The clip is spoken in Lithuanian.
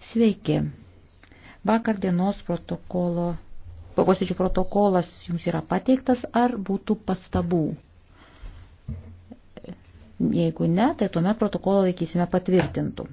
Sveiki. Vakar dienos protokolo, posėdžių protokolas jums yra pateiktas ar būtų pastabų? Jeigu ne, tai tuomet protokolą laikysime patvirtintų.